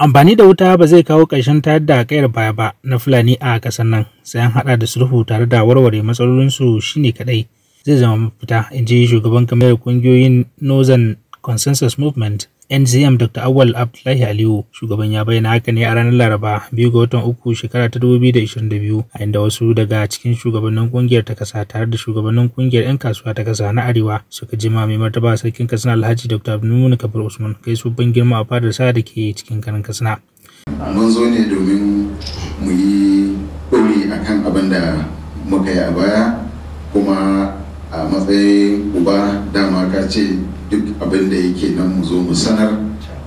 Amfani da wuta ba zai kawo ƙarshen tayar da kayar baya ba na Fulani a ƙasar nan, sai an haɗa da sulhu tare da warware matsalolinsu shine kaɗai zai zama mafita, in ji shugaban kamar ƙungiyoyin Northern Consensus Movement. NZM Dr. Awal Abdullahi Aliyu shugaban ya bayyana haka ne a ranar Laraba biyu ga watan uku shekara ta 2022 a inda wasu daga cikin shugabannin kungiyar ta kasa tare da shugabannin kungiyar 'yan kasuwa ta kasa na Arewa suka jima mai martaba sarkin Katsina Alhaji Dr. Abdulmumin Kabir Usman kai su ban girma a fadar sa da ke cikin karin Katsina. Mun zo ne domin mu yi a akan abin da muka yi a baya kuma a matsayin uba dama ka ce duk abin da yake nan mu zo mu sanar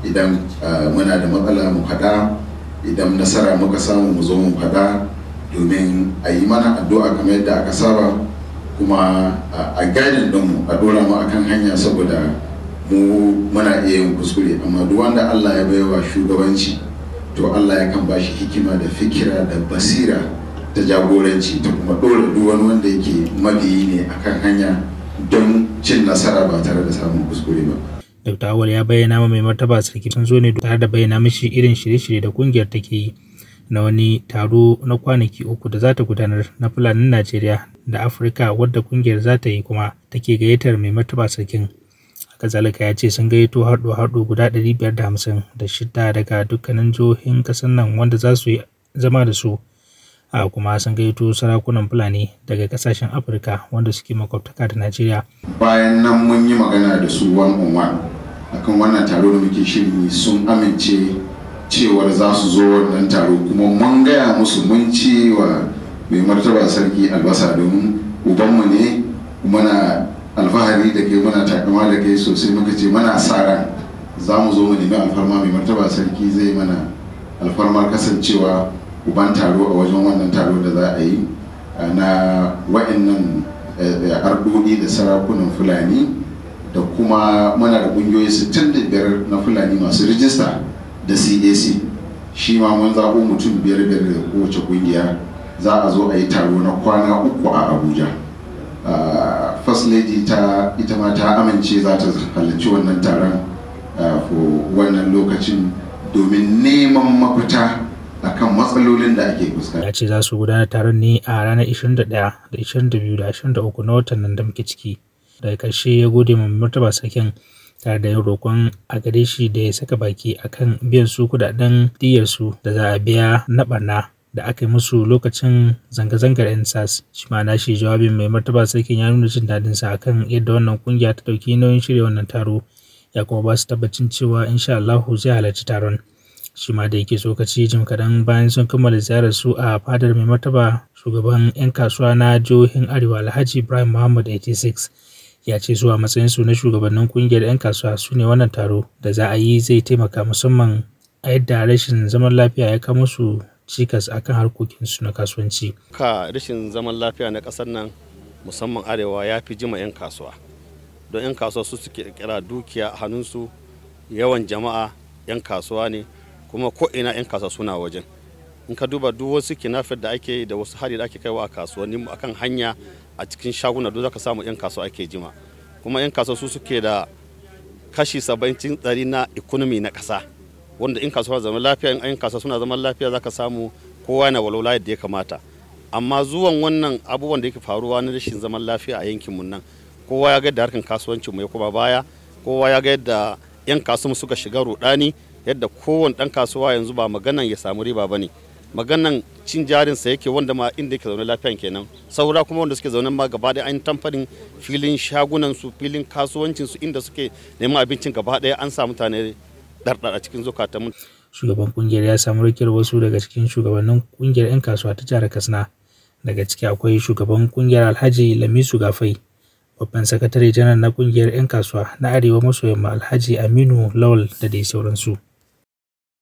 idan eh, muna da matsala mu faɗa idan nasara muka samu mu zo mu faɗa domin a yi mana addu'a kamar yadda aka saba kuma eh, a gadin ɗinmu a dora mu akan hanya saboda mu muna iya yin kuskure amma duk wanda Allah ya baiwa shugabanci to Allah ya kan bashi hikima da fikira da basira ta jagoranci ta kuma dora duk wani wanda yake mabiyi ne akan hanya don cin nasara ba tare da samun kuskure ba. Dr. Awal ya bayyana ma mai martaba sarki sun zo ne tare da bayyana mishi irin shirye-shirye da kungiyar take yi na wani taro na kwanaki uku da za ta gudanar na fulanin Najeriya da Afirka wadda kungiyar za ta yi kuma take gayyatar mai martaba sarkin. Kazalika ya ce sun gayyato haɗo-haɗo guda ɗari biyar da da hamsin shida daga dukkanin jihohin ƙasar nan wanda za su yi zama da su a kuma sun gayyato sarakunan Fulani daga kasashen Afirka wanda suke makwabtaka da Najeriya. Bayan nan mun yi magana da su wan umar akan wannan taro da muke shiri sun amince cewar za su zo wannan taro kuma mun gaya musu mun cewa wa mai martaba sarki albasa domin ubanmu ne muna alfahari da ke muna takama da kai sosai muka ce muna sa ran za mu zo mu nemi alfarma mai martaba sarki zai mana alfarmar kasancewa uban taro a wajen wannan taro da za a yi eh, na wa'annan eh, eh, ardodi da sarakunan fulani da kuma muna da ƙungiyoyi 65 na fulani masu rijista da cac shi ma mun zaɓo mutum biyar biyar da kowace ƙungiya za a zo a yi taro na kwana uku a abuja first lady ta ita ma ta amince za ta halarci wannan taron a wannan lokacin domin neman mafita matsalolin da ake fuskanta. Ya ce za su gudanar taron ne a ranar 21 da 22 da 23 na watan nan da muke ciki. Daga ƙarshe ya gode ma martaba sarkin tare da yin roƙon a gare shi da ya saka baki akan biyan su kudaden diyarsu da za a biya na ɓarna da aka yi musu lokacin zanga-zangar NSAS. Shi ma na shi jawabin mai martaba sarkin ya nuna jin daɗinsa akan yadda wannan kungiya ta ɗauki nauyin shirya wannan taro ya kuma ba su tabbacin cewa insha Allahu zai halarci taron. shi ma da yake tsokaci jim kaɗan bayan sun kammala ziyarar su a fadar mai martaba shugaban 'yan kasuwa na jihohin arewa alhaji ibrahim muhammad 86 ya ce zuwa matsayinsu na shugabannin kungiyar 'yan kasuwa su ne wannan taro da za a yi zai taimaka musamman a yadda rashin zaman lafiya ya kama su cikas akan harkokinsu na kasuwanci. ka rashin zaman lafiya na ƙasar nan musamman arewa ya fi jima 'yan kasuwa don 'yan kasuwa su suke kira dukiya a hannunsu yawan jama'a 'yan kasuwa ne kuma ko ina yan kasuwa suna wajen in ka duba duk wasu kinafir da ake da wasu hari da ake kaiwa a kasuwanni mu akan hanya a cikin shaguna duk zaka samu yan kasuwa ake jima kuma yan kasuwa su suke da kashi saba'in ɗari na ikonomi na kasa wanda in kasuwa zama lafiya in yan kasuwa suna zaman lafiya zaka samu kowa na walwala yadda ya kamata amma zuwan wannan abubuwan da yake faruwa na rashin zaman lafiya a yankinmu nan kowa ya ga yadda harkan mu ya kuma baya kowa ya ga yadda 'yan kasuwa suka shiga rudani yadda kowane ɗan kasuwa yanzu ba maganan ya samu riba ba ne maganan cin jarinsa yake wanda ma inda yake zaune lafiyan kenan saura kuma wanda suke zaune ma gaba ɗaya an tamfarin filin shagunansu filin kasuwancinsu inda suke neman abincin gaba ɗaya an sa mutane ɗarɗar a cikin zukatan mu. shugaban kungiyar ya samu rikiyar wasu daga cikin shugabannin kungiyar 'yan kasuwa ta jihar katsina daga ciki akwai shugaban kungiyar alhaji lamisu gafai babban sakatare janar na kungiyar 'yan kasuwa na arewa maso yamma alhaji aminu lawal da dai sauransu.